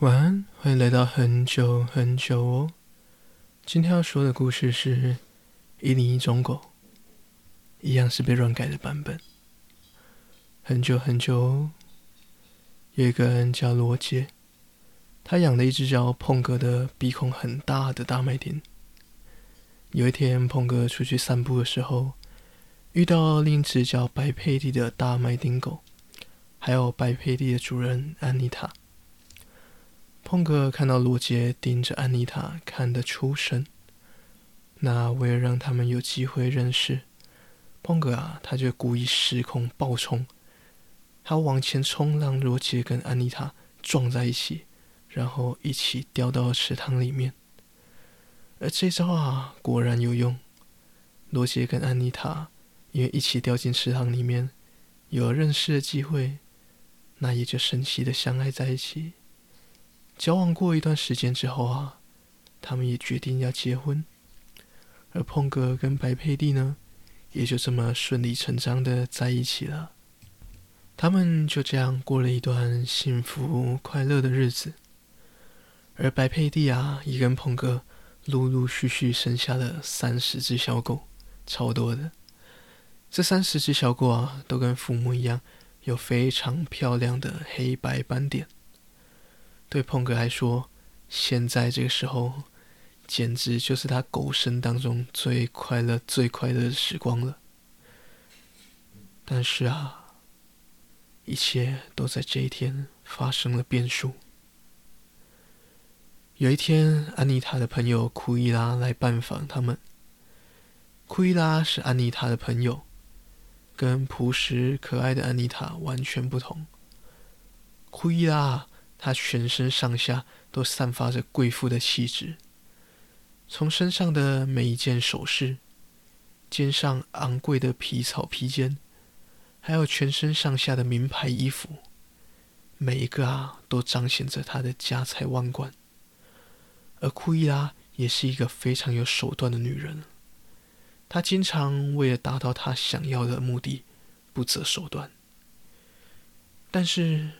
晚安，歡迎來到很久很久哦。今天要說的故事是《一零一忠狗》，一樣是被亂改的版本。很久很久哦，有一個人叫羅傑，他養了一隻叫碰哥的鼻孔很大的大麥町。有一天，碰哥出去散步的時候，遇到另一隻叫白佩蒂的大麥町狗，還有白佩蒂的主人安妮塔。胖哥看到羅杰盯着安妮塔看得出神，那為了讓他們有機會認識，胖哥啊，他就故意失控暴衝，他往前衝，讓羅杰跟安妮塔撞在一起，然後一起掉到池塘裡面。而這招啊，果然有用。羅杰跟安妮塔因為一起掉進池塘裡面，有了認識的機會，那也就神奇的相愛在一起。交往過一段時間之後啊，他們也決定要結婚，而鵬哥跟白佩蒂呢，也就這麼順理成章的在一起了。他們就這樣過了一段幸福快樂的日子。而白佩蒂啊，也跟鵬哥陸陸續續生下了三十隻小狗，超多的。這三十隻小狗啊，都跟父母一樣，有非常漂亮的黑白斑點。對碰哥來說，現在這個時候，簡直就是他狗生當中最快樂、最快樂的時光了。但是啊，一切都在這一天發生了變數。有一天，安妮塔的朋友庫伊拉來拜訪他們。庫伊拉是安妮塔的朋友，跟樸實可愛的安妮塔完全不同。庫伊拉。她全身上下都散發着貴婦的氣質，從身上的每一件首飾、肩上昂貴的皮草披肩，還有全身上下的名牌衣服，每一個啊，都彰顯着她的家財萬貫。而庫伊拉也是一個非常有手段的女人，她經常為了達到她想要的目的，不擇手段。但是。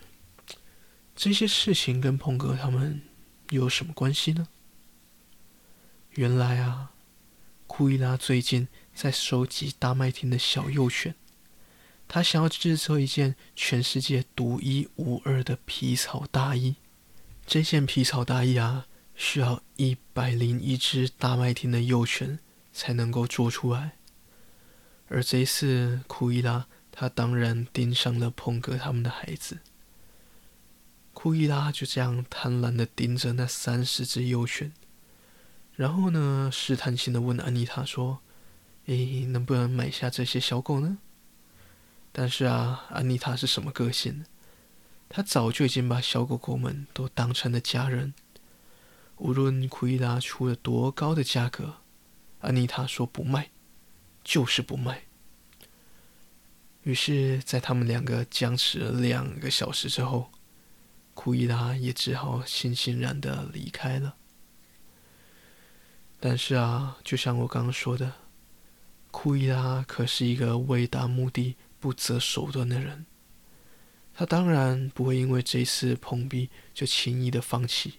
這些事情跟彭哥他們又有什麼關係呢？原來啊，庫伊拉最近在收集大麥町的小幼犬，他想要制作一件全世界獨一無二的皮草大衣。這件皮草大衣啊，需要一百零一只大麥町的幼犬才能夠做出來。而這一次庫伊拉，他當然盯上了彭哥他們的孩子。庫伊拉就這樣貪婪的盯着那三十隻幼犬，然後呢，試探性的問安妮塔說：“誒、欸，能不能買下這些小狗呢？”但是啊，安妮塔是什麼個性呢？她早就已經把小狗狗們都當成了家人，無論庫伊拉出了多高的價格，安妮塔說不賣，就是不賣。於是，在他們兩個僵持了兩個小時之後。庫伊拉也只好悻悻然的離開了。但是啊，就像我剛剛說的，庫伊拉可是一個為達目的不擇手段的人。他當然不會因為這次碰壁就輕易的放棄。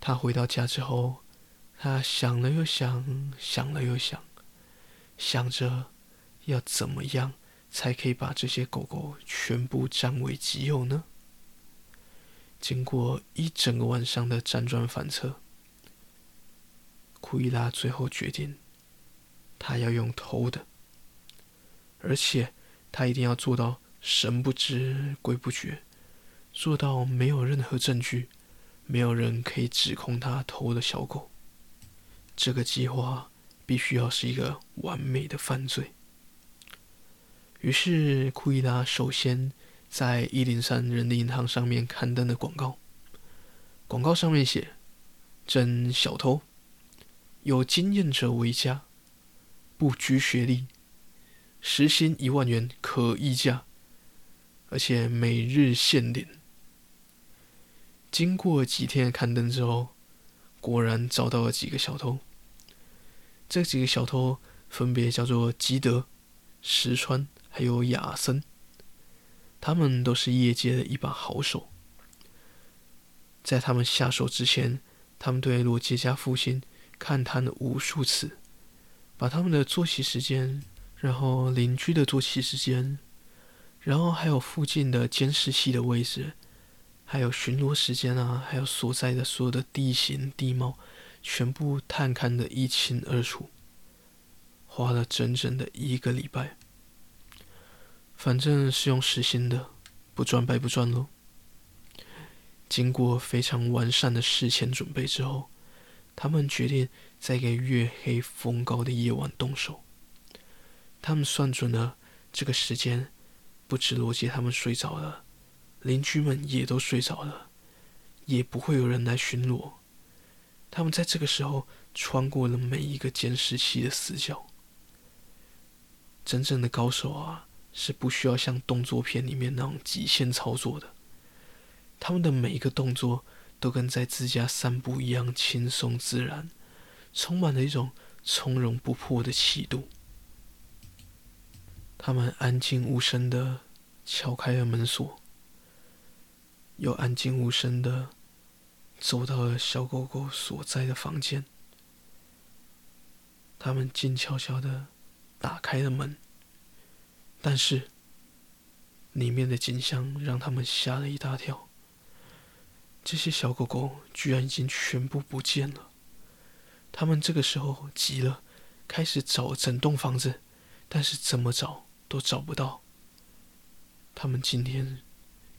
他回到家之後，他想了又想，想了又想，想着要怎麼樣才可以把這些狗狗全部占為己有呢？經過一整個晚上的輾轉反側，庫伊拉最後決定，他要用偷的，而且他一定要做到神不知鬼不覺，做到沒有任何證據，沒有人可以指控他偷了小狗。這個計劃必須要是一個完美的犯罪。於是庫伊拉首先。在一零三人力銀行上面刊登的廣告，廣告上面寫：徵小偷，有經驗者為佳，不拘學歷，時薪一萬元可議價，而且每日限定。經過幾天的刊登之後，果然找到了幾個小偷。這幾個小偷分別叫做吉德、石川，還有亞森。他們都是業界的一把好手，在他們下手之前，他們對羅傑家附近勘探了無數次，把他們的作息時間，然後鄰居的作息時間，然後還有附近的監視器的位置，還有巡邏時間啊，還有所在的所有的地形地貌，全部探勘得一清二楚，花了整整的一個禮拜。反正是用實心的，不賺白不賺嘍。經過非常完善的事前準備之後，他們決定在個月黑風高的夜晚動手。他們算準了這個時間，不止羅傑他們睡着了，鄰居們也都睡着了，也不會有人來巡邏。他們在這個時候穿過了每一個監視器的死角，真正的高手啊！是不需要像動作片裡面那種極限操作的，他們的每一個動作都跟在自家散步一樣輕鬆自然，充滿了一種從容不迫的氣度。他們安靜無聲的敲開了門鎖，又安靜無聲的走到了小狗狗所在的房間。他們靜悄悄的打開了門。但是，裡面的景象讓他們嚇了一大跳。這些小狗狗居然已經全部不見了。他們這個時候急了，開始找整棟房子，但是怎麼找都找不到。他們今天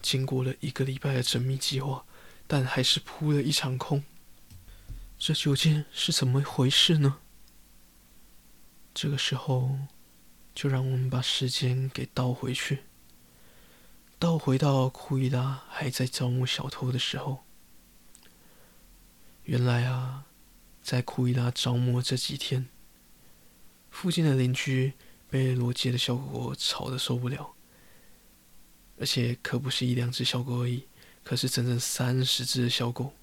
經過了一個禮拜的縝密計劃，但還是撲了一場空。這究竟是怎麼回事呢？這個時候。就讓我們把時間給倒回去，倒回到庫伊拉還在招募小偷的時候。原來啊，在庫伊拉招募這幾天，附近的鄰居被羅傑的小狗狗吵得受不了，而且可不是一兩只小狗而已，可是整整三十隻小狗。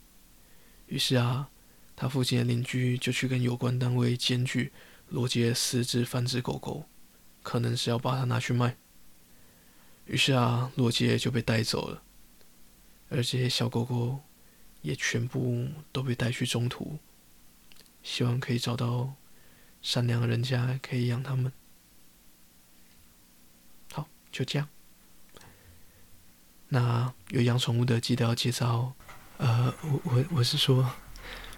於是啊，他附近的鄰居就去跟有關單位檢舉羅杰私自繁殖狗狗。可能是要把它拿去賣，於是啊，洛杰就被帶走了，而這些小狗狗也全部都被帶去中途，希望可以找到善良的人家可以養它們。好，就這樣。那有養寵物的記得要結紮。呃，我我我是說，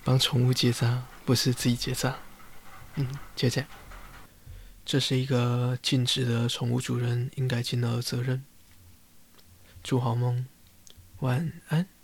幫寵物結扎，不是自己結扎。嗯，就這樣。這是一個盡職的寵物主人應該盡的責任。祝好夢，晚安。